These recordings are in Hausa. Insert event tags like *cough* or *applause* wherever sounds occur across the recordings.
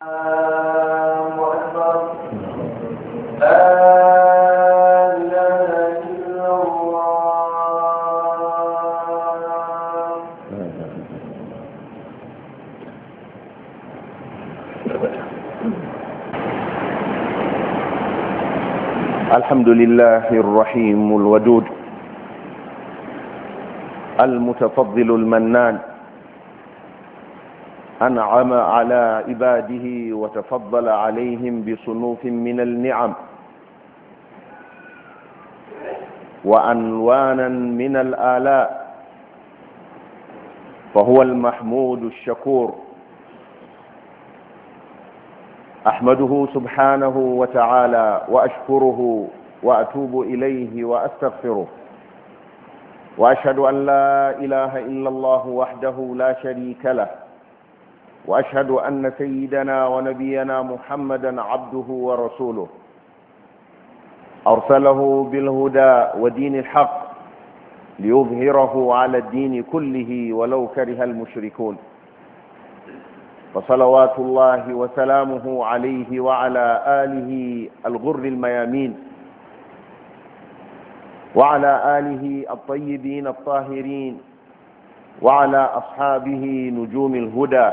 الحمد لله الرحيم الودود المتفضل المنان أنعم على عباده وتفضل عليهم بصنوف من النعم وأنوانا من الآلاء فهو المحمود الشكور أحمده سبحانه وتعالى وأشكره وأتوب إليه وأستغفره وأشهد أن لا إله إلا الله وحده لا شريك له وأشهد أن سيدنا ونبينا محمدا عبده ورسوله أرسله بالهدى ودين الحق ليظهره على الدين كله ولو كره المشركون فصلوات الله وسلامه عليه وعلى آله الغر الميامين وعلى آله الطيبين الطاهرين وعلى أصحابه نجوم الهدى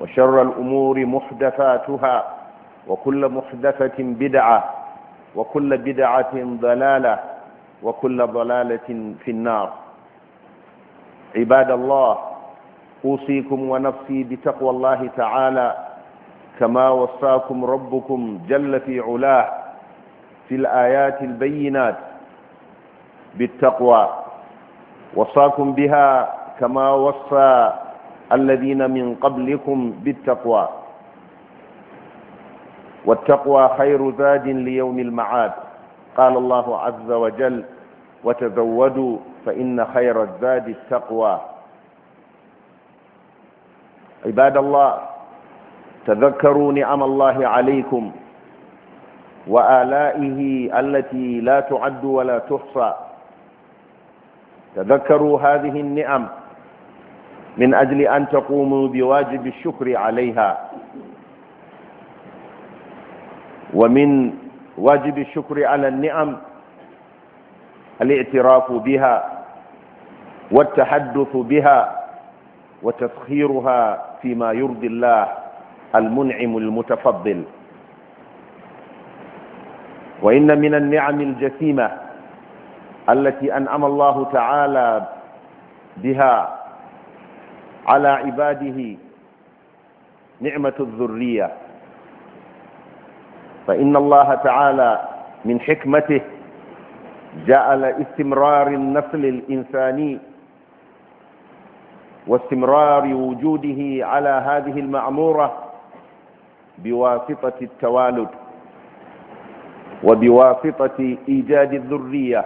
وشر الأمور محدثاتها وكل محدثة بدعة وكل بدعة ضلالة وكل ضلالة في النار عباد الله أوصيكم ونفسي بتقوى الله تعالى كما وصاكم ربكم جل في علاه في الآيات البينات بالتقوى وصاكم بها كما وصى الذين من قبلكم بالتقوى والتقوى خير زاد ليوم المعاد قال الله عز وجل وتزودوا فإن خير الزاد التقوى عباد الله تذكروا نعم الله عليكم وآلائه التي لا تعد ولا تحصى تذكروا هذه النعم من أجل أن تقوموا بواجب الشكر عليها ومن واجب الشكر على النعم الاعتراف بها والتحدث بها وتسخيرها فيما يرضي الله المنعم المتفضل وإن من النعم الجسيمة التي أنعم الله تعالى بها على عباده نعمة الذرية فإن الله تعالى من حكمته جعل استمرار النسل الإنساني واستمرار وجوده على هذه المعمورة بواسطة التوالد وبواسطة إيجاد الذرية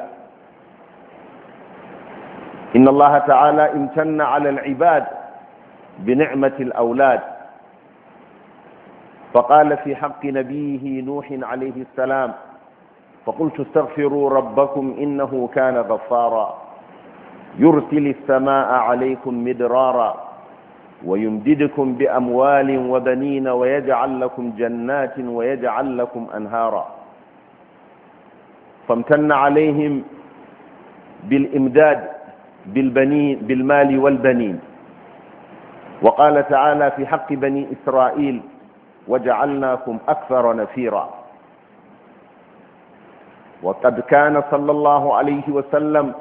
إن الله تعالى امتن على العباد بنعمة الأولاد فقال في حق نبيه نوح عليه السلام فقلت استغفروا ربكم إنه كان غفارا يرسل السماء عليكم مدرارا ويمددكم بأموال وبنين ويجعل لكم جنات ويجعل لكم أنهارا فامتن عليهم بالإمداد بالبنين بالمال والبنين وقال تعالى في حق بني إسرائيل وجعلناكم أكثر نفيرا وقد كان صلى الله عليه وسلم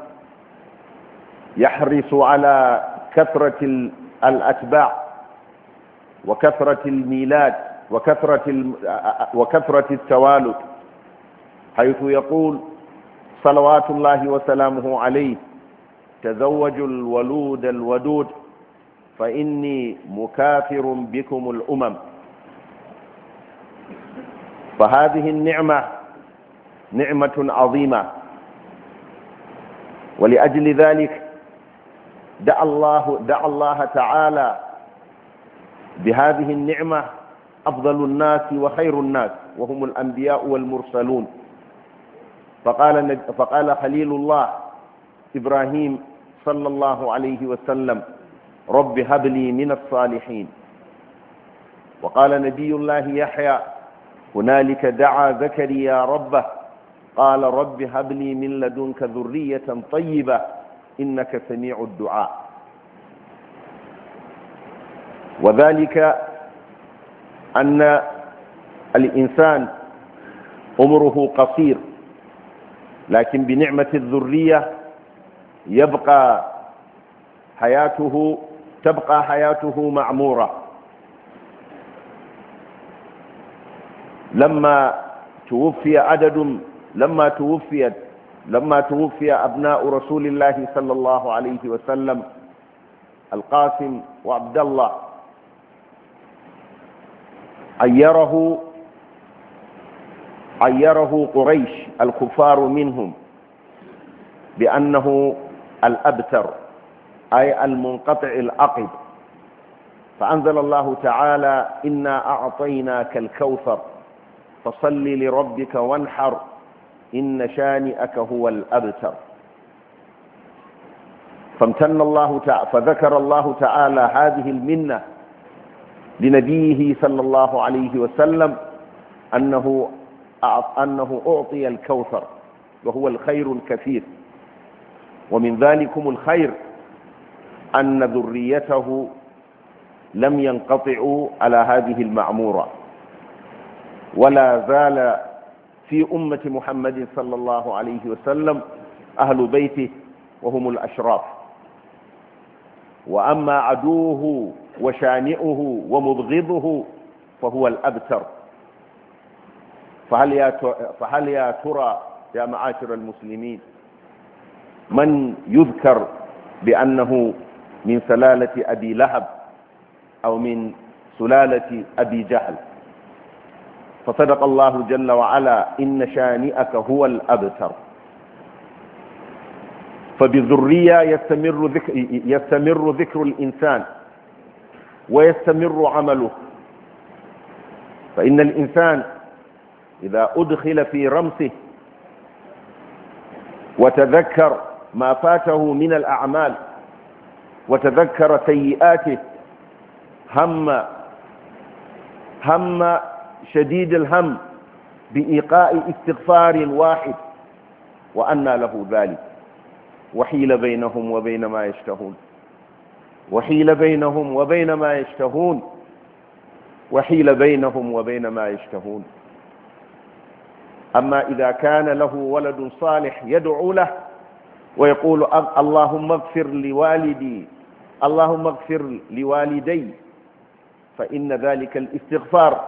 يحرص على كثرة الأتباع وكثرة الميلاد وكثرة, وكثرة التوالد حيث يقول صلوات الله وسلامه عليه تزوجوا الولود الودود فإني مكافر بكم الأمم فهذه النعمة نعمة عظيمة ولأجل ذلك دعا الله, دعا الله تعالى بهذه النعمة أفضل الناس وخير الناس وهم الأنبياء والمرسلون فقال, فقال خليل الله إبراهيم صلى الله عليه وسلم رب هب لي من الصالحين وقال نبي الله يحيى هنالك دعا زكريا ربه قال رب هب لي من لدنك ذرية طيبة إنك سميع الدعاء وذلك أن الإنسان عمره قصير لكن بنعمة الذرية يبقى حياته تبقى حياته معمورة لما توفي عدد لما توفيت لما توفي أبناء رسول الله صلى الله عليه وسلم القاسم وعبد الله عيره عيره قريش الكفار منهم بأنه الأبتر أي المنقطع العقد فأنزل الله تعالى إنا أعطيناك الكوثر فصل لربك وانحر إن شانئك هو الأبتر فامتن الله تعالى فذكر الله تعالى هذه المنة لنبيه صلى الله عليه وسلم أنه أنه أعطي الكوثر وهو الخير الكثير ومن ذلكم الخير أن ذريته لم ينقطعوا على هذه المعمورة ولا زال في أمة محمد صلى الله عليه وسلم أهل بيته وهم الأشراف وأما عدوه وشانئه ومبغضه فهو الأبتر فهل يا فهل يا ترى يا معاشر المسلمين من يذكر بأنه من سلالة أبي لهب أو من سلالة أبي جهل فصدق الله جل وعلا إن شانئك هو الأبتر فبالذرية يستمر ذكر, يستمر ذكر الإنسان ويستمر عمله فإن الإنسان إذا أدخل في رمسه وتذكر ما فاته من الأعمال وتذكر سيئاته هم هم شديد الهم بإيقاء استغفار واحد وأنى له ذلك وحيل بينهم وبين ما يشتهون وحيل بينهم وبين ما يشتهون وحيل بينهم وبين ما يشتهون أما إذا كان له ولد صالح يدعو له ويقول اللهم اغفر لوالدي اللهم اغفر لوالدي فإن ذلك الاستغفار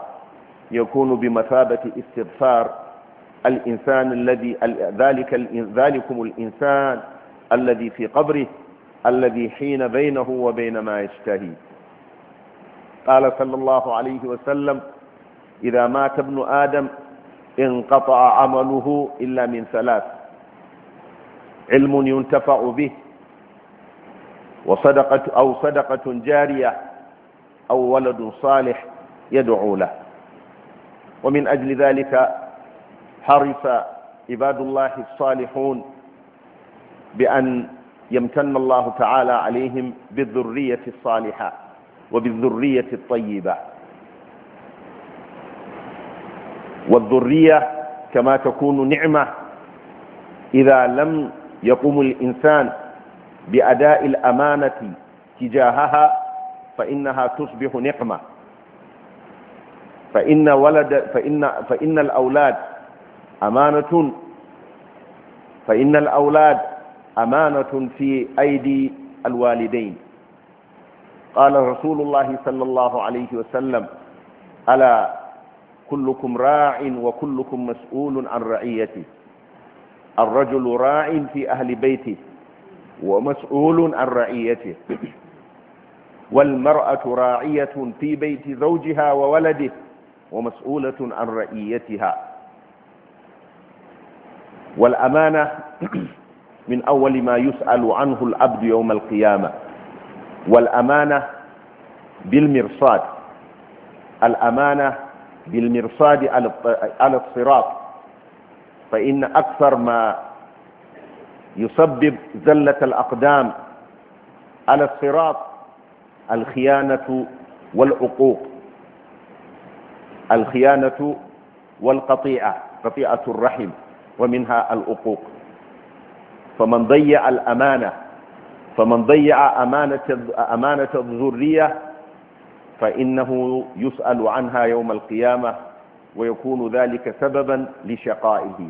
يكون بمثابة استغفار الإنسان الذي ذلك ذلكم الإنسان الذي في قبره الذي حين بينه وبين ما يشتهي قال صلى الله عليه وسلم إذا مات ابن آدم انقطع عمله إلا من ثلاث علم ينتفع به وصدقة أو صدقة جارية أو ولد صالح يدعو له ومن أجل ذلك حرص عباد الله الصالحون بأن يمتن الله تعالى عليهم بالذرية الصالحة وبالذرية الطيبة والذرية كما تكون نعمة إذا لم يقوم الإنسان بأداء الأمانة تجاهها فإنها تصبح نقمة فإن, ولد فإن, فإن الأولاد أمانة فإن الأولاد أمانة في أيدي الوالدين قال رسول الله صلى الله عليه وسلم ألا كلكم راع وكلكم مسؤول عن رعيته الرجل راع في أهل بيته ومسؤول عن رعيته والمرأة راعية في بيت زوجها وولده ومسؤولة عن رعيتها والأمانة من أول ما يسأل عنه العبد يوم القيامة والأمانة بالمرصاد الأمانة بالمرصاد على الصراط فإن أكثر ما يسبب زلة الأقدام على الصراط الخيانة والعقوق الخيانة والقطيعة قطيعة الرحم ومنها العقوق فمن ضيع الأمانة فمن ضيع أمانة, أمانة الذرية فإنه يسأل عنها يوم القيامة ويكون ذلك سببا لشقائه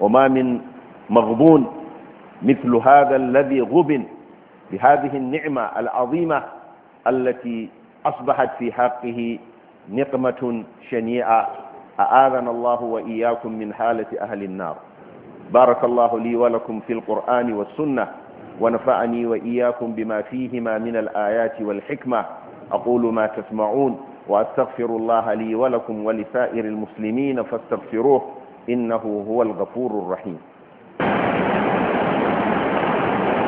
وما من مغبون مثل هذا الذي غبن بهذه النعمة العظيمة التي أصبحت في حقه نقمة شنيعة أعاذنا الله وإياكم من حالة أهل النار بارك الله لي ولكم في القرآن والسنة ونفعني وإياكم بما فيهما من الآيات والحكمة أقول ما تسمعون وأستغفر الله لي ولكم ولسائر المسلمين فاستغفروه إنه هو الغفور الرحيم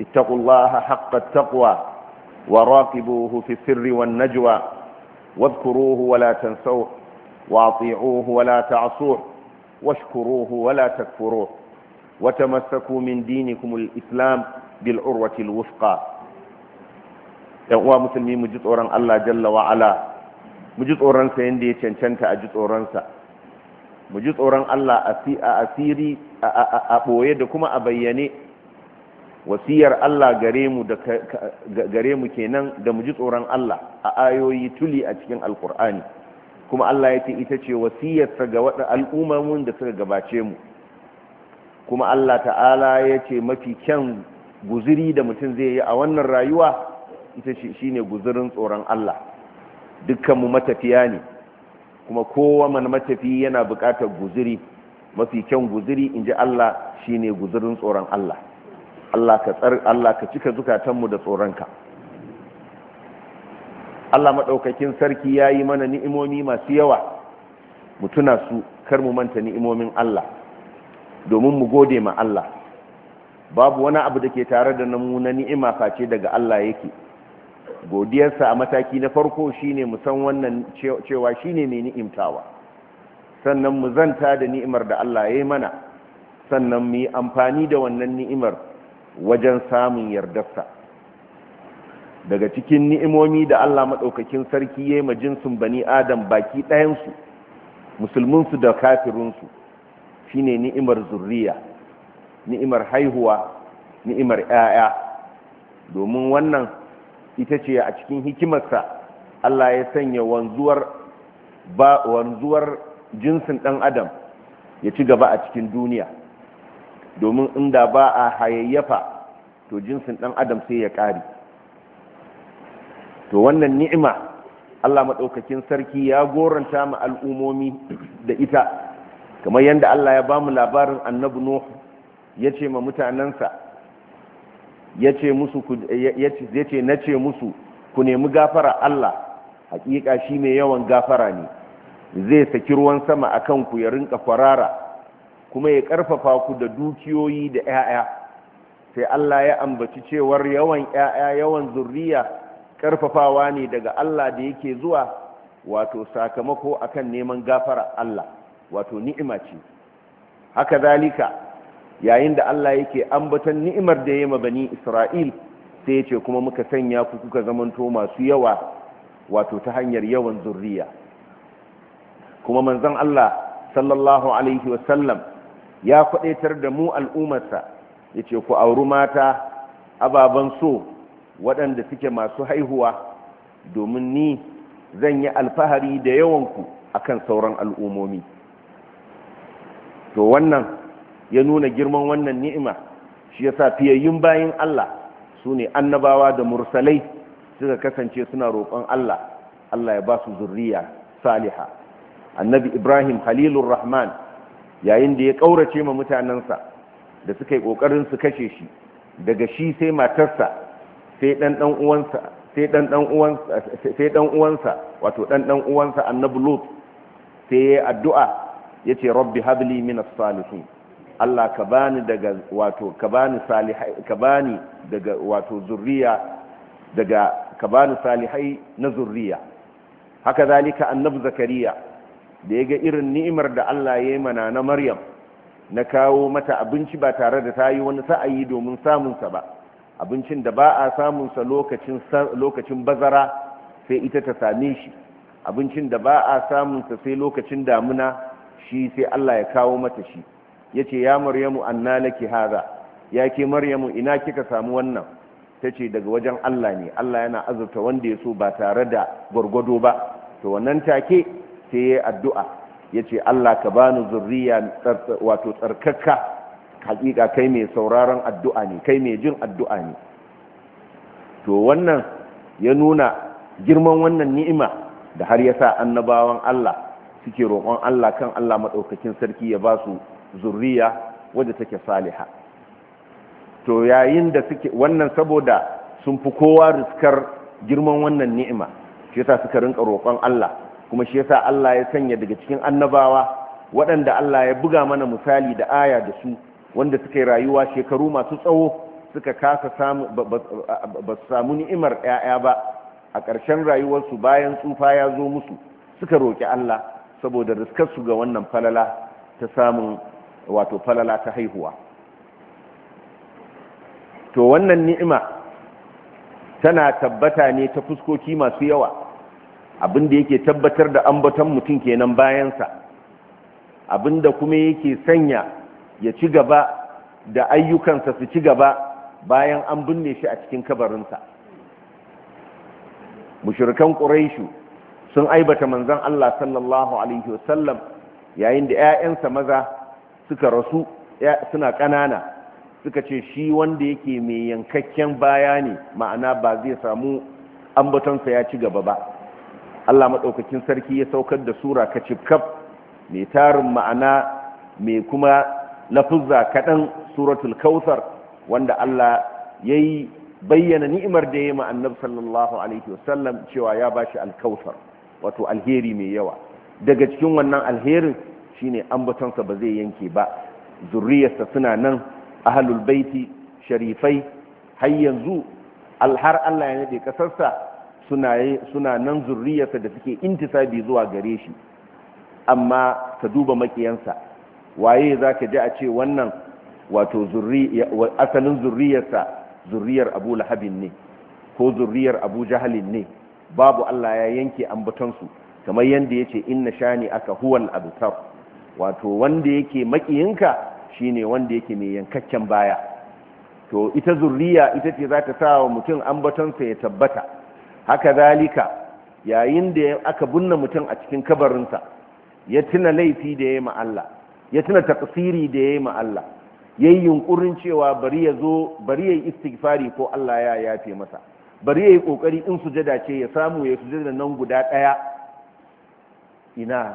اتقوا الله حق التقوى وراقبوه في السر والنجوى واذكروه ولا تنسوه واطيعوه ولا تعصوه واشكروه ولا تكفروه وتمسكوا من دينكم الإسلام بالعروة الوثقى يقوى مسلمين مجد أوران الله جل وعلا مجد أوران سيندي چنچنت أجد أوران سا مجد أوران الله أسيري أبويد كما أبيني wasiyar Allah gare mu da gare kenan da mu ji tsoron Allah a ayoyi tuli a cikin alkur'ani kuma Allah ya ce ita ce wasiyarsa ga waɗa al'ummomin da suka gabace mu kuma Allah ta'ala ya ce mafi kyan guziri da mutum zai yi a wannan rayuwa ita shi ne guzirin tsoron Allah dukkanmu matafiya ne kuma kowa man matafi yana buƙatar guziri mafi kyan guziri in ji Allah shi ne guzirin tsoron Allah Allah ka Allah ka cika zukatanmu da tsoronka Allah maɗaukakin sarki ya yi mana ni'imomi masu yawa mu tuna su kar mu manta ni'imomin Allah domin mu gode ma Allah babu wani abu da ke tare da namu na ni'ima face daga Allah yake godiyarsa a mataki na farko shine mu san wannan cewa shine mai ni'imtawa sannan mu zanta da ni'imar da Allah ya yi mana sannan mu yi amfani da wannan ni'imar wajen samun yardarsa daga cikin ni'imomi da Allah maɗaukakin sarki ya yi ma jinsin bani adam baki ɗayansu musulminsu da kafirunsu shine ni'imar zurriya ni'imar haihuwa ni'imar 'ya'ya domin wannan ita ce a cikin hikimarsa Allah ya sanya wanzuwar jinsin ɗan adam ya ci gaba a cikin duniya domin inda ba a hayayyafa to jinsin ɗan adam sai ya ƙari to wannan ni'ima Allah maɗaukakin sarki ya goranta mu al'ummomi da ita kamar yadda Allah ya ba mu labarin annabi Nuhu ya ce ma mutanensa ya ce na ce musu ku nemi gafara Allah hakika shi mai yawan gafara ne zai saki ruwan sama a ku ya rinka kwarara kuma ya karfafa ku da dukiyoyi da 'ya'ya sai Allah ya ambaci cewar yawan 'ya'ya yawan zurriya karfafawa ne daga Allah da yake zuwa wato sakamako akan neman gafara Allah wato ni'ima ce haka zalika yayin da Allah yake ambatan ni'imar da ya ma bani Isra'il sai ya ce kuma muka sanya ku kuka zamanto masu yawa wato ta hanyar yawan zurriya kuma manzon Allah sallallahu alaihi wasallam ya kwadaitar da mu al'ummarsa ya ce ku auri mata ababen so waɗanda suke masu haihuwa domin ni zan yi alfahari da yawanku akan sauran al'ummomi. to wannan ya nuna girman wannan ni'ima shi ya sa fiyayyun bayan Allah su ne annabawa da mursalai suka kasance suna roƙon Allah Allah ya ba su zurriya saliha annabi Ibrahim halilun rahman yayin da ya ƙaurace ma mutanensa da suka yi ƙoƙarin su kashe shi daga shi sai matarsa sai ɗan ɗan uwansa sai ɗan uwansa sai wato uwansa annabi sai ya addu'a ya ce rabbi habli min as-salihin Allah ka bani daga wato ka bani salihai ka bani daga wato zurriya daga ka bani salihai na zurriya haka zalika annabi zakariya da ya ga irin ni'imar da Allah ya yi mana na Maryam na kawo mata abinci ba tare da ta yi wani sa'ayi domin samunsa ba abincin da ba a samunsa lokacin bazara sai ita ta same shi abincin da ba a samunsa sai lokacin damuna shi sai Allah ya kawo mata shi ya ce ya maryamu anna laki haza ya ke maryamu ina kika samu wannan ta ce daga wajen Allah ne Allah yana azurta wanda ya so ba tare da gwargwado ba to wannan take sai ya addu'a ya ce Allah ka bani zurriya wato tsarkaka hakika kai mai sauraron addu'a ne kai mai jin addu'a ne to wannan ya nuna girman wannan ni'ima da har ya sa annabawan Allah suke roƙon Allah kan Allah maɗaukakin sarki ya ba su zurriya wadda take saliha to yayin da suke wannan saboda sun fi kowa riskar girman wannan ni'ima shi yasa suka rinka roƙon Allah kuma shi yasa Allah ya sanya daga cikin annabawa waɗanda Allah ya buga mana misali da aya da su wanda suka yi rayuwa shekaru masu tsawo suka kasa samu ba su samu ni'imar ƴaƴa ba a ƙarshen rayuwarsu bayan tsufa ya zo musu suka roƙi Allah saboda riskarsu ga wannan falala ta samun wato falala ta haihuwa to wannan ni'ima tana tabbata ne ta fuskoki masu yawa Abin da yake tabbatar da ambaton mutum kenan bayansa abin da kuma yake sanya ya ci gaba da ayyukansa su ci gaba bayan an binne shi a cikin kabarinsa mushirkan ƙuraishu sun aibata manzan Allah sallallahu alaihi wasallam yayin da 'ya'yansa maza suka rasu suna ƙanana suka ce shi wanda yake mai yankakken baya ne ma'ana ba zai samu ambatonsa ya ci gaba ba Allah maɗaukakin sarki ya saukar da sura ka cikaf mai tarin ma'ana mai kuma lafuzza kaɗan suratul kautsar wanda Allah ya yi bayyana ni'imar da ya yi ma'annab sallallahu alaihi wasallam cewa ya ba shi alkautsar wato alheri mai yawa daga cikin wannan alherin shine ambatonsa ba zai yanke ba zurriyarsa suna nan ahlul baiti sharifai har yanzu har Allah ya nade kasarsa suna nan zurriyarsa da suke intisabi zuwa gare shi amma ta duba makiyansa waye za ka ji a ce wannan wato asalin zurriyarsa zurriyar abu lahabin ne ko zurriyar abu jahalin ne babu allah ya yanke ambatonsu kamar yadda ya ce inna shani aka huwal abtar wato wanda yake makiyinka shine wanda yake mai yankakken baya to ita zurriya ita ce za ta sa wa mutum ambatonsa ya tabbata haka zalika yayin da aka binne mutum a cikin kabarinsa ya tuna laifi da ya yi Allah ya tuna takasiri da ya yi Allah ya yi yunkurin cewa bari ya zo bari ya yi istighfari ko Allah ya yafe masa bari ya yi kokari in sujada ce ya samu ya sujada nan guda ɗaya ina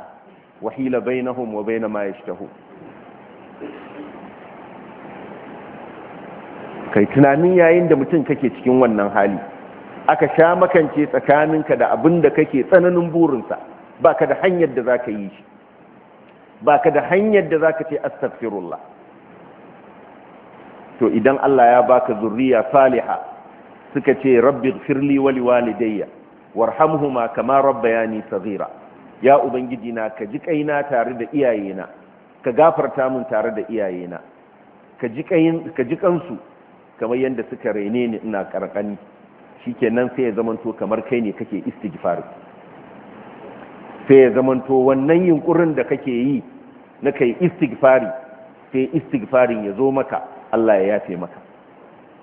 wahila bainahum wa bain ma yashtahu kai tunanin yayin da mutum kake cikin wannan hali aka sha makance tsakaninka da abin da kake tsananin burinsa ba ka da hanyar da za ka yi shi ba ka da hanyar da za ka ce astagfirullah to idan Allah ya baka zurriya saliha suka ce rabbi firli wali walidayya warhamhuma kama rabbayani saghira ya ubangiji na ka ji kaina tare da iyayena ka gafarta mun tare da iyayena ka ji ka kansu kamar yadda suka rene ni ina karkani shikenan sai ya zamanto kamar kai ne kake istighfar sai ya zamanto wannan yunkurin da kake yi na kai istighfari sai istighfarin ya zo maka Allah ya yafe maka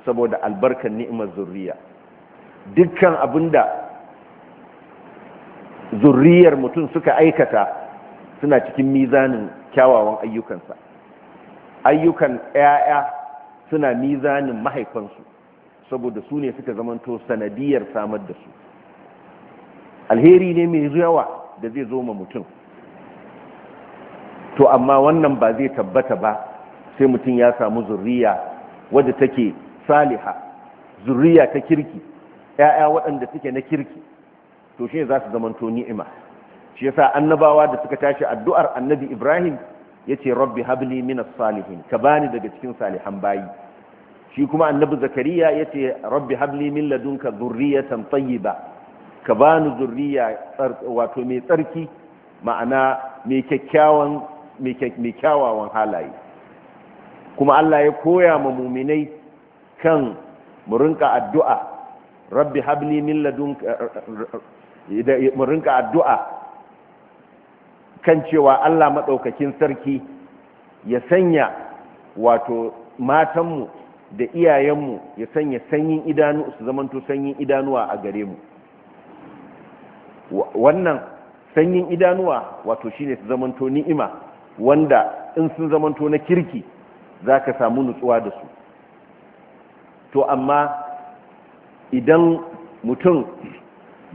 saboda albarkar ni'imar zurriya dukkan abinda zurriyar mutum suka aikata suna cikin mizanin kyawawan ayyukansa ayyukan 'ya'ya suna mizanin mahaifansu saboda su ne suka zamanto sanadiyar samar da su alheri ne mai yawa da zai zo ma mutum to amma wannan ba zai tabbata ba sai mutum ya samu zurriya wadda take saliha zurriya ta kirki ‘ya'ya waɗanda suke na kirki to shi za su zamanto ni'ima shi yasa annabawa da suka tashi addu'ar annabi ibrahim ya ce rabbi habli minas salihin ka bani daga cikin salihan bayi shi kuma annabi zakariya ya ce rabbi habli min ladunka zurriyatan tayyiba ka bani zurriya wato mai tsarki ma'ana mai kyakkyawan mai kyawawan halaye kuma Allah ya koya ma muminai kan murinka addu'a rabbi habli min ladunka murinka addu'a kan cewa Allah madaukakin sarki ya sanya wato matanmu da iyayenmu ya sanya sanyin idanu su zamanto sanyin idanuwa a gare mu wannan sanyin idanuwa wato shine su zamanto ni'ima wanda in sun zamanto na kirki za ka samu nutsuwa da su to amma idan mutum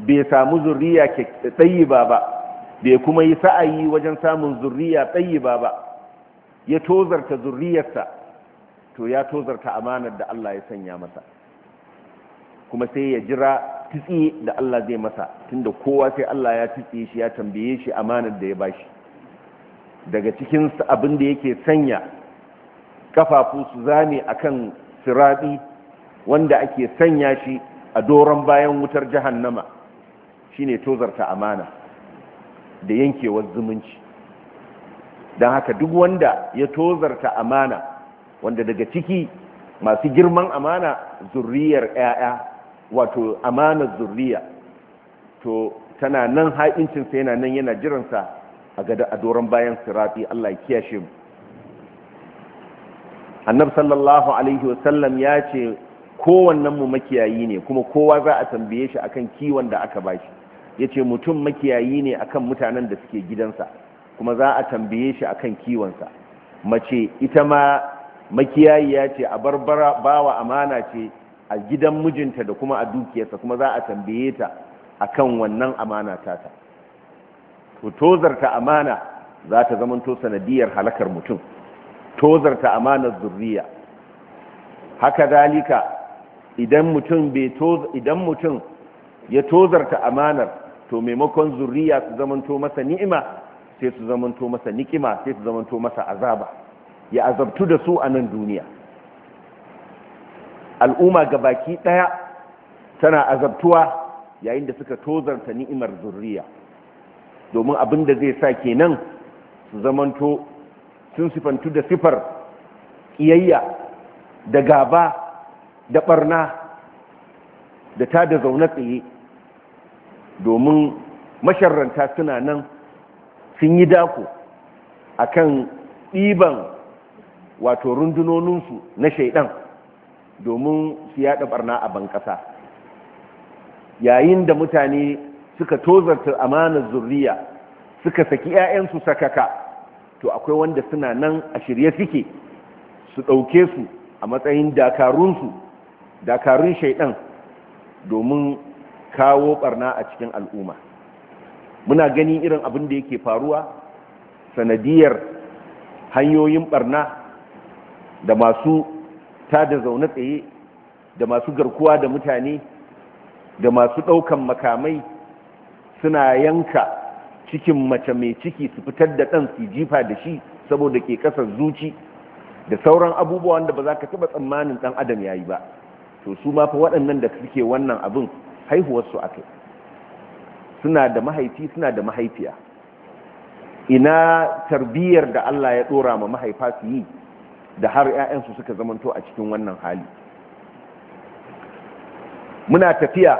bai samu zurriya tsayiba ba bai kuma yi sa'ayi wajen samun zurriya ba ba ya tozarta zurriyarsa to ya tozarta amanar da Allah ya sanya masa kuma sai ya jira titsi da Allah zai masa tunda kowa sai Allah ya titsi shi ya tambaye shi amanar da ya bashi daga cikin abin da yake sanya kafafu su zame akan sirabi wanda ake sanya shi a doron bayan wutar jahannama shine tozarta amana da yankewar zumunci don haka duk wanda ya tozarta amana wanda daga ciki masu girman amana zurriyar 'ya'ya wato amanar zurriya to tana nan haƙincinsa yana nan yana jiransa a gada a doron bayan sirafi Allah ya kiyashe mu annab sallallahu alaihi wasallam ya ce kowannen mu makiyayi ne kuma kowa za a tambaye shi akan kiwon da aka bashi ya ce mutum makiyayi ne akan mutanen da suke gidansa kuma za a tambaye shi akan kiwonsa mace ita ma makiyayi ya ce a barbara bawa amana ce a gidan mijinta da kuma a dukiyarsa kuma za a tambaye ta a kan wannan amana tata to tozarta amana za ta zamanto sanadiyar halakar mutum tozarta amanar zurriya haka dalika idan mutum ya tozarta amanar to maimakon zurriya su zamanto masa ni'ima sai su zamanto masa nikima sai su zamanto masa azaba ya azabtu da su a nan duniya al'umma ga baki ɗaya tana azabtuwa yayin da suka tozarta ni'imar zurriya domin abin da zai sa kenan su zamanto sun sifantu da sifar iyayya, da gaba da ɓarna da ta da zaune tsaye domin masharranta suna nan sun yi dako akan ɗiban wato rundunoninsu na shaidan domin su yaɗa barna a bankasa yayin da mutane suka tozarta amanar zurriya suka saki 'ya'yansu sakaka to akwai wanda suna nan a shirye suke su ɗauke su a matsayin dakarunsu dakarun shaidan domin kawo ɓarna a cikin al'umma muna gani irin abin da yake faruwa sanadiyar hanyoyin ɓarna. da masu tada zaune tsaye da masu garkuwa da mutane da masu ɗaukan makamai suna yanka cikin mace mai ciki su fitar da ɗan su jifa da shi saboda ke ƙasar zuci da sauran abubuwan da ba za ka taɓa tsammanin ɗan adam ya yi ba to su ma fa waɗannan da suke wannan abin haihuwarsu a kai suna da mahaifi suna da mahaifiya ina tarbiyyar da allah ya ɗora ma mahaifa su yi da har 'ya'yansu suka zamanto a cikin wannan hali muna tafiya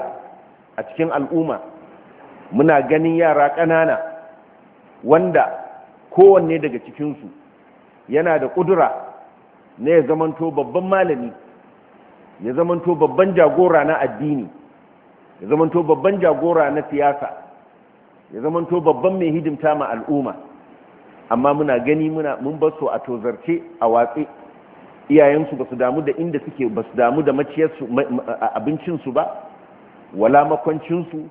a cikin al'umma muna ganin yara ƙanana wanda kowanne daga cikinsu yana da ƙudura na ya zamanto babban malami ya zamanto babban jagora na addini ya zamanto babban jagora na siyasa ya zamanto babban mai hidimta ma al'umma amma muna gani muna mun bar su a tozarce a watsi iyayensu ba su damu da inda suke ba su damu da maciyarsu abincinsu ba wala makwancinsu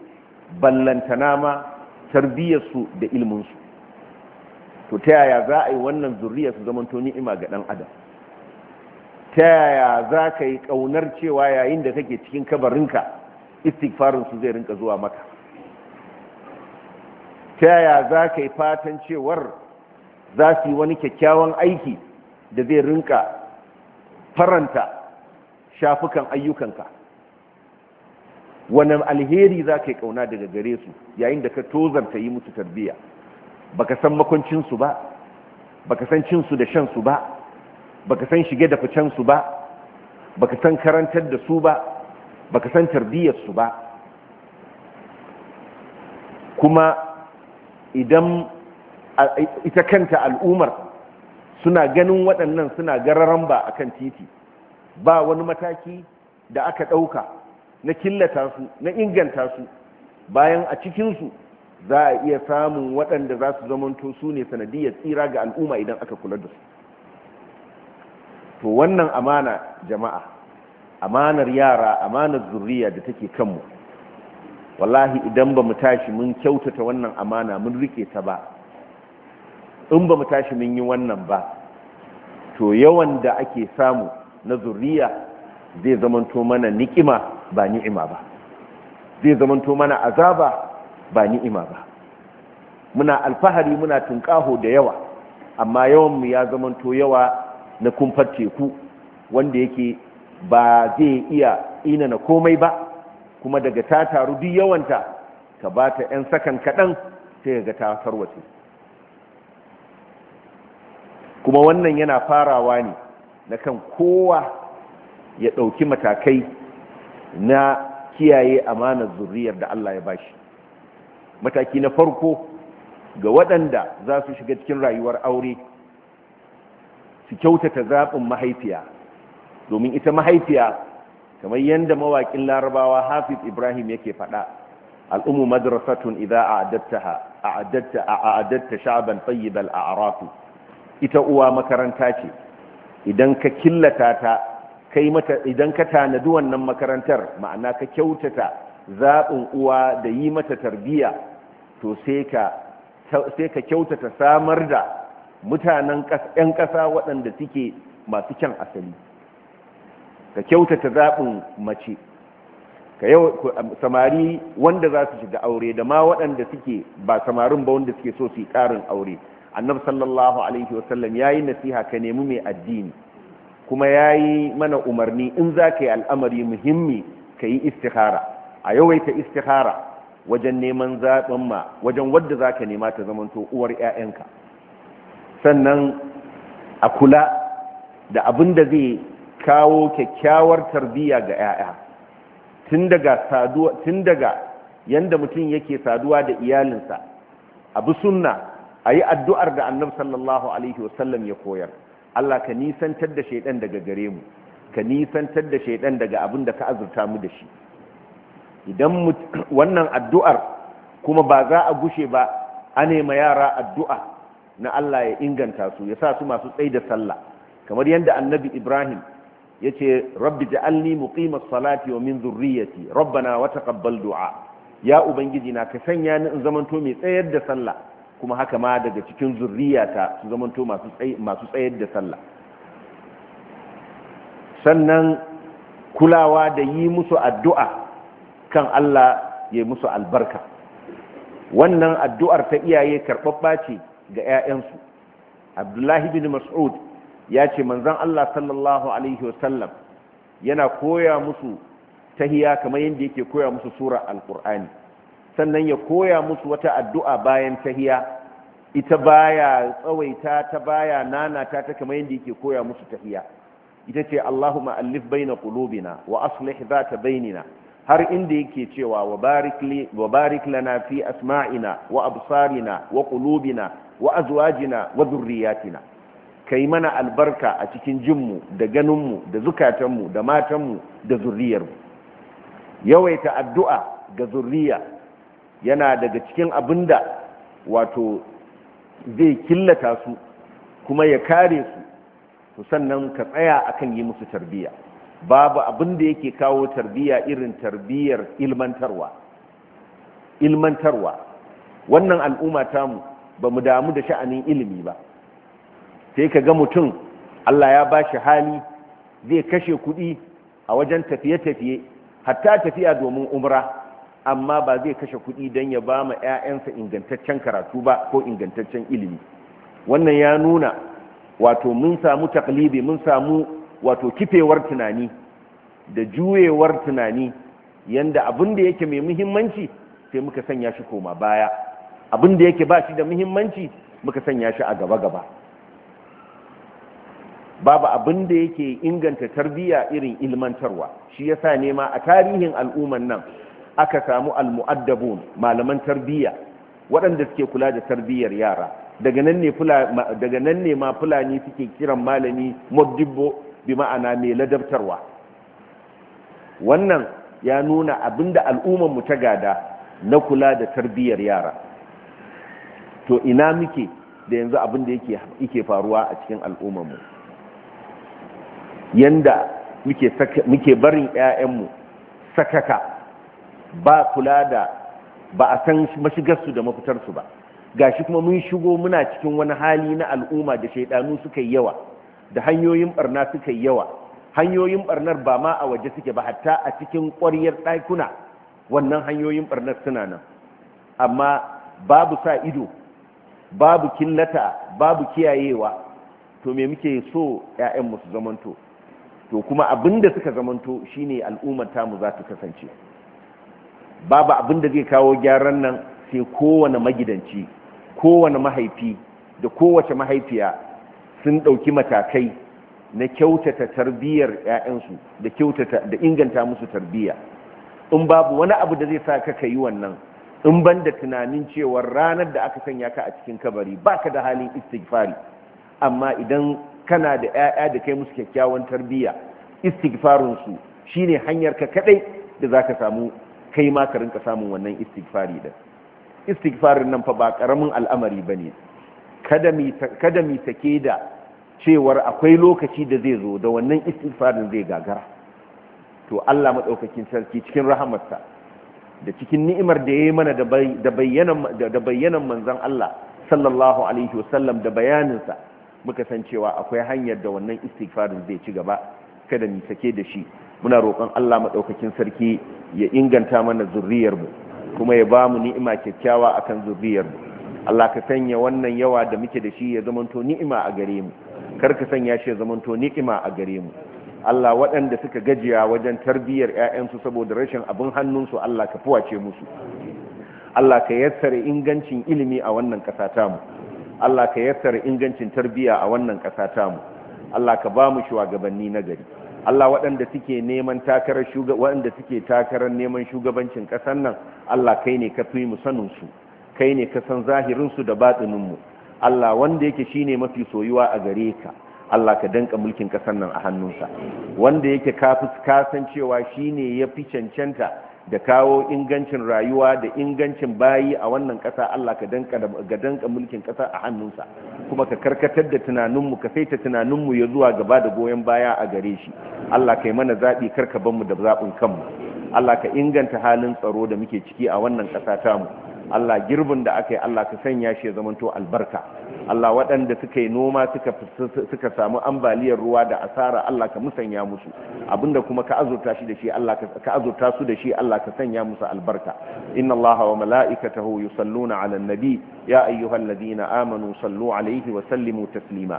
ballantana ma tarbiyyarsu da ilminsu to ta yaya za a yi wannan zurriya su to ni'ima ga ɗan adam ta yaya za ka yi ƙaunar cewa yayin da kake cikin kabarinka istighfarinsu zai rinka zuwa maka ta yaya za ka yi fatan cewar za su yi wani kyakkyawan aiki da zai rinka faranta shafukan ayyukanka wannan alheri za ka yi kauna daga gare su yayin da ka tozarta yi musu tarbiyya baka san makoncinsu ba baka san cinsu da shansu ba baka san shige da ficensu ba baka san karantar da su ba baka san tarbiyyarsu ba kuma idan ita kanta al'umar suna ganin waɗannan suna gararan ba a kan titi ba wani mataki da aka ɗauka na killata su na inganta su bayan a cikinsu za a iya samun waɗanda za su zamanto su ne sanadiyar tsira ga al'umma idan aka kula da su to wannan amana jama'a amanar yara amanar zurriya da take kanmu wallahi idan ba mu tashi mun kyautata wannan amana mun rike ta ba in ba mu tashi mun yi wannan ba to yawan da ake samu na zuriya zai zamanto mana ni'ima ba ni'ima ba zai zamanto mana azaba ba ni'ima ba muna alfahari muna tunƙaho da yawa amma yawan mu ya zamanto yawa na kumfar teku wanda yake ba zai iya ina na komai ba kuma daga ta taru duk yawanta ka ba ta 'yan sakan kaɗan sai ga ta farwace kuma wannan yana farawa ne na kan kowa ya ɗauki matakai na kiyaye amanar zurriyar da Allah ya ba shi. mataki na farko ga waɗanda za su shiga cikin rayuwar aure su kyautata zaɓin mahaifiya domin ita mahaifiya kamar yadda mawaƙin larabawa hafiz ibrahim yake faɗa al'ummu madrasatun idan a adatta sha'aban sha'ban a a'rafu ita uwa makaranta ce idan ka killata ta kai mata idan ka tanadi wannan makarantar ma'ana ka kyautata zaɓin uwa da yi mata tarbiya, to sai ka kyautata samar da mutanen 'yan ƙasa waɗanda suke masu kyan asali ka kyautata zaɓin mace ka yau samari wanda za su shiga aure da ma waɗanda suke ba samarin ba wanda suke so su yi ƙarin aure annabi sallallahu alaihi wasallam yi nasiha ka nemi mai addini kuma ya yi mana umarni in za ka yi al'amari muhimmi ka yi istihara a yawaita istihara wajen neman zaɓen ma wajen wadda za ka nema ta zamanto uwar 'ya'yanka sannan a kula da abin da zai kawo kyakkyawar tarbiyya ga 'ya'ya tun daga yanda mutum yake saduwa da iyalinsa abu sunna a yi addu'ar da annab sallallahu alaihi wasallam ya koyar Allah ka nisantar da shaidan daga gare mu ka nisantar da shaidan daga abin da ka azurta mu da shi idan *clears throat* wannan addu'ar kuma ba za a gushe ba a nema yara addu'a na Allah ya inganta su ya sa su masu tsaye da sallah kamar yadda annabi ibrahim ya ce rabbi ja'alni muqimas salati wa min zurriyati rabbana wata taqabbal du'a ya ubangiji na ka sanya ni in zamanto mai tsayar da sallah kuma haka ma daga cikin zurriyata su zamanto masu tsayar da sallah sannan kulawa da yi musu addu'a kan Allah ya yi musu albarka wannan addu'ar ta iyaye karɓaɓɓa ce ga 'ya'yansu abdullahi bin mas'ud ya ce manzan Allah sallallahu alaihi wasallam yana koya musu tahiya kamar yadda yake koya musu sura al al-qur'ani sannan ya koya musu wata addu'a bayan tahiya ita baya tsawaita ta baya nanata ta kama yadda yake koya musu tahiya ita ce Allahumma allif baina qulubina wa aslih zata bainina har inda yake cewa wa barik lana fi asma'ina wa absarina wa qulubina wa azwajina wa dhurriyyatina kai mana albarka a cikin jinmu da ganinmu da zukatanmu da matanmu da zurriyarmu yawaita addu'a ga zurriya yana daga cikin abin da wato zai killata su kuma ya kare su to sannan ka tsaya akan yi musu tarbiya babu abin da yake kawo tarbiyya irin tarbiyyar ilmantarwa ilmantarwa wannan al'umma tamu ba mu damu da sha'anin ilimi ba sai ka ga mutum Allah ya ba shi hali zai kashe kuɗi a wajen tafiye-tafiye hatta tafiya domin umra amma ba zai kashe kuɗi don ya ba ma 'ya'yansa ingantaccen karatu ba ko ingantaccen ilimi wannan ya nuna wato mun samu taklibi mun samu wato kifewar tunani da juyewar tunani yanda abin da yake mai muhimmanci sai muka sanya shi koma baya abin da yake ba shi da muhimmanci muka sanya shi a gaba-gaba babu abin da yake inganta tarbiyya irin ilmantarwa shi yasa nema a tarihin al'umman nan aka samu almu'addabun malaman tarbiyya waɗanda suke kula da tarbiyyar yara daga nan ne daga nan ne ma fulani suke kiran malami mudibbo bi ma'ana mai ladabtarwa wannan ya nuna abinda al'ummar mu ta gada na kula da tarbiyyar yara to ina muke da yanzu abinda yake yake faruwa a cikin al'ummar mu yanda muke muke barin ƴaƴan mu sakaka ba kula da ba a san mashigarsu da mafitarsu ba gashi kuma mun shigo muna cikin wani hali na al'umma da shaidanu suka yi yawa da hanyoyin barna suka yi yawa hanyoyin barnar ba ma a waje suke ba hatta a cikin ƙwaryar ɗakuna wannan hanyoyin barnar suna nan amma babu sa ido babu killata babu kiyayewa to me muke so 'ya'yanmu su zamanto to kuma abinda suka zamanto shine al'ummar tamu za ta kasance babu abin da zai kawo gyaran nan sai kowane magidanci kowane mahaifi da kowace mahaifiya sun ɗauki matakai na kyautata tarbiyyar 'ya'yansu da kyautata da inganta musu tarbiyya in babu wani abu da zai sa ka yi wannan in ban da tunanin cewar ranar da aka sanya ka a cikin kabari baka da halin istighfari amma idan kana da 'ya'ya da kai musu kyakkyawan tarbiyya su shine hanyar ka kadai da zaka samu kai ma ka rinka samun wannan istighfari da istighfarin nan fa ba karamin al'amari ba ne mi kada mi take da cewar akwai lokaci da zai zo da wannan istighfarin zai gagara to Allah madaukakin sarki cikin rahamarsa da cikin ni'imar da ya yi mana da bayyanan da bayyanan manzon Allah sallallahu alaihi wasallam da bayaninsa muka san cewa akwai hanyar da wannan istighfarin zai ci gaba kada mi take da shi muna roƙon Allah maɗaukakin sarki ya inganta mana zurriyarmu kuma ya ba mu ni'ima kyakkyawa a akan zurriyarmu Allah ka sanya wannan yawa da muke da shi ya zamanto ni'ima a gare mu kar ka sanya shi ya zamanto ni'ima a gare mu Allah waɗanda suka gajiya wajen tarbiyyar 'ya'yansu saboda rashin abin hannunsu Allah ka fuwace musu Allah ka yassara ingancin ilimi a wannan ƙasa tamu Allah ka yassara ingancin tarbiyya a wannan ƙasa tamu Allah ka ba mu shugabanni na gari Allah waɗanda suke neman takarar waɗanda suke takarar neman shugabancin ƙasar nan Allah kai ne ka fi mu sanin su kai ne ka san zahirin su da batinin mu Allah wanda yake shine mafi soyuwa a gare ka Allah ka danka mulkin ƙasar nan a hannunsa wanda yake kasan cewa shine ya fi cancanta da kawo ingancin rayuwa da ingancin bayi a wannan ƙasa Allah ka danka mulkin ƙasa a hannunsa kuma ka karkatar da tunaninmu ka saita tunaninmu ya zuwa gaba da goyon baya a gare shi Allah ka yi mana zaɓi karka banmu da zaɓin kanmu Allah ka inganta halin tsaro da muke ciki a wannan ƙasa tamu Allah girbin da ake Allah ka sanya shi ya zamanto albarka Allah waɗanda suka yi noma suka suka samu ambaliyar ruwa da asara Allah ka musanya musu abinda kuma ka azurta shi da shi Allah ka azurta su da shi Allah ka sanya musu albarka inna Allah wa mala'ikatahu yusalluna 'alan nabi ya ayyuhalladhina amanu sallu 'alayhi wa sallimu taslima